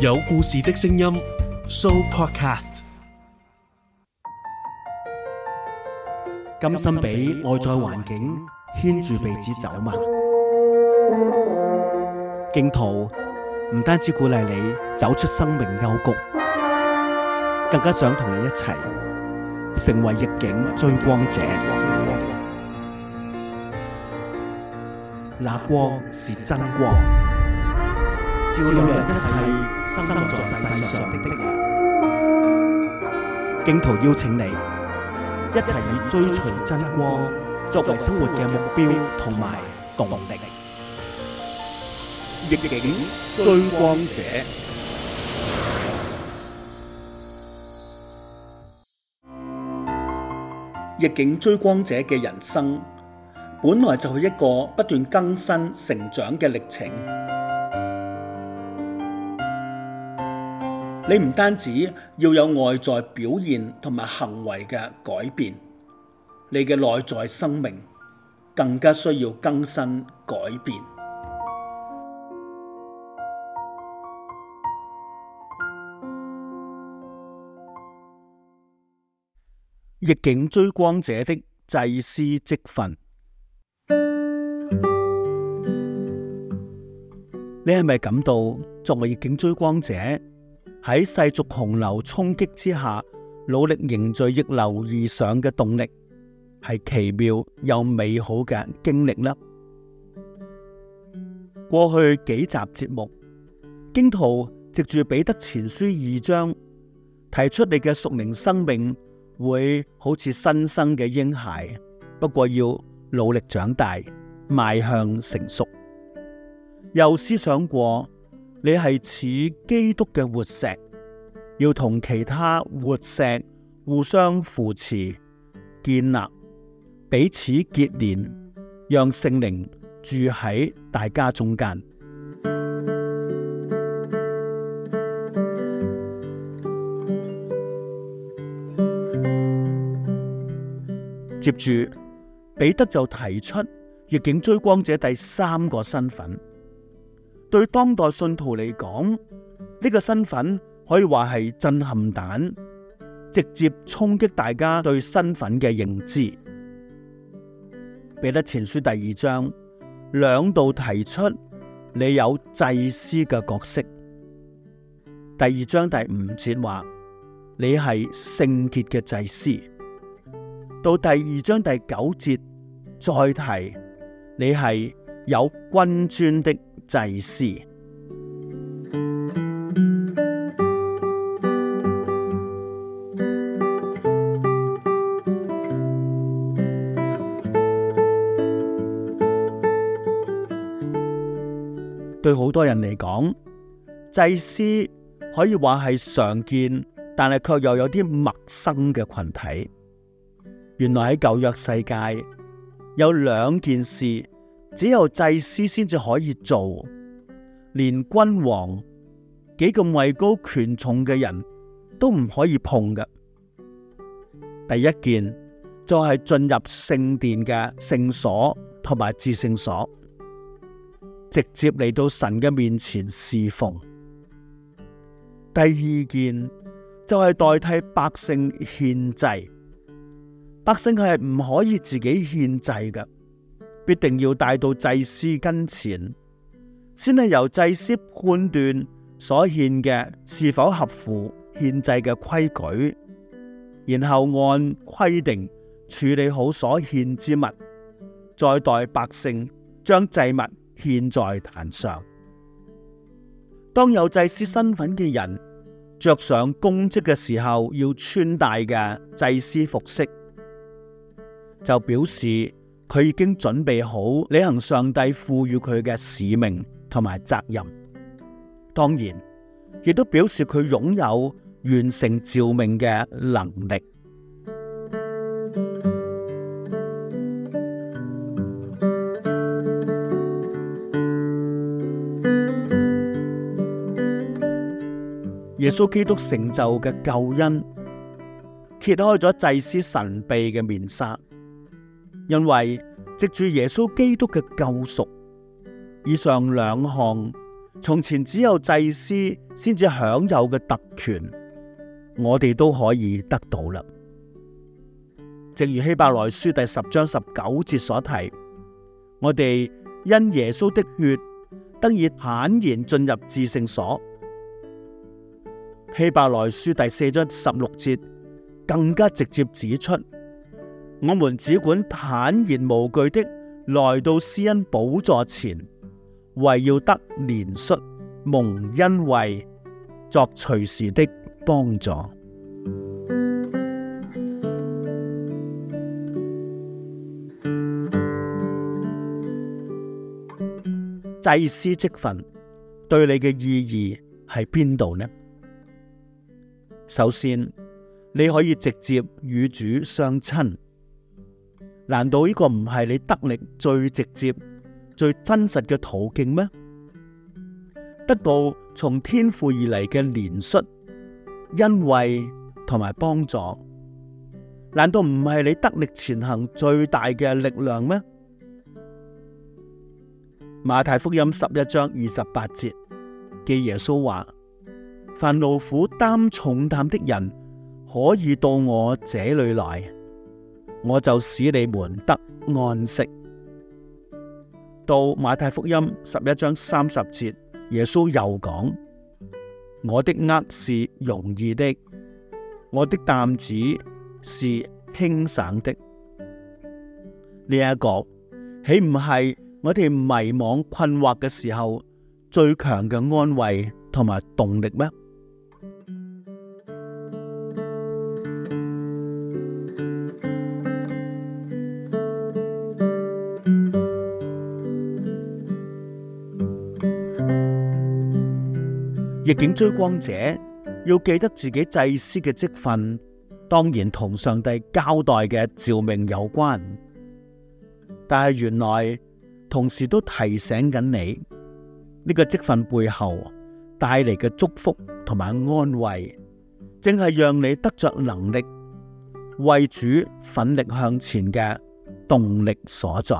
有故事的聲音，Sooopodcast。甘心俾外在環境牽住鼻子走嘛？荊徒唔單止鼓勵你走出生命幽谷，更加想同你一齊成為逆境追光者。那光是真光。照亮一切生在世上的人，荊徒邀請你一齊以追隨真光作為生活嘅目標同埋動力。逆境追光者，逆境追光者嘅人生本來就係一個不斷更新成長嘅歷程。你唔單止要有外在表現同埋行為嘅改變，你嘅內在生命更加需要更新改變。逆境追光者的祭司職分，你係咪感到作為逆境追光者？喺世俗洪流沖擊之下，努力凝聚逆流而上嘅動力，係奇妙又美好嘅經歷啦。過去幾集節目，荊徒藉住彼得前書二章，提出你嘅屬靈生命會好似新生嘅嬰孩，不過要努力長大，邁向成熟。又思想過。你係似基督嘅活石，要同其他活石互相扶持、建立彼此結連，讓聖靈住喺大家中間。接住，彼得就提出《逆境追光者》第三個身份。對當代信徒嚟講，呢個身份可以話係震撼彈，直接衝擊大家對身份嘅認知。彼得前書第二章兩度提出你有祭司嘅角色，第二章第五節話你係聖潔嘅祭司，到第二章第九節再提你係有君尊的。祭司對好多人嚟講，祭司可以話係常見，但係卻又有啲陌生嘅群體。原來喺舊約世界有兩件事。只有祭司先至可以做，連君王幾咁位高權重嘅人都唔可以碰㗎。第一件就係進入聖殿嘅聖所同埋至聖所，直接嚟到神嘅面前侍奉。第二件就係代替百姓獻祭，百姓佢係唔可以自己獻祭㗎。必定要帶到祭司跟前，先係由祭司判斷所獻嘅是否合乎獻祭嘅規矩，然後按規定處理好所獻之物，再代百姓將祭物獻在壇上。當有祭司身份嘅人着上公職嘅時候，要穿戴嘅祭司服飾，就表示。佢已經準備好履行上帝賦予佢嘅使命同埋責任，當然亦都表示佢擁有完成召命嘅能力。耶穌基督成就嘅救恩，揭開咗祭司神秘嘅面紗。因為藉住耶穌基督嘅救贖，以上兩項從前只有祭司先至享有嘅特權，我哋都可以得到啦。正如希伯來書第十章十九節所提，我哋因耶穌的血得以坦然進入至聖所。希伯來書第四章十六節更加直接指出。我們只管坦然無懼的來到施恩寶座前，為要得憐恤蒙恩惠，作隨時的幫助。祭司職份對你嘅意義係邊度呢？首先，你可以直接與主相親。難道呢個唔係你得力最直接、最真實嘅途徑咩？得到從天父而嚟嘅憐恤、恩惠同埋幫助，難道唔係你得力前行最大嘅力量咩？馬太福音十一章二十八節記耶穌話：凡勞苦擔重擔的人可以到我這裏來。我就使你們得安息。到馬太福音十一章三十節，耶穌又講：我的軛是容易的，我的擔子是輕省的。呢、這、一個豈唔係我哋迷惘困惑嘅時候最強嘅安慰同埋動力咩？逆境追光者要記得自己祭司嘅職份，當然同上帝交代嘅召命有關。但係原來同時都提醒緊你，呢、這個職份背後帶嚟嘅祝福同埋安慰，正係讓你得着能力為主奮力向前嘅動力所在。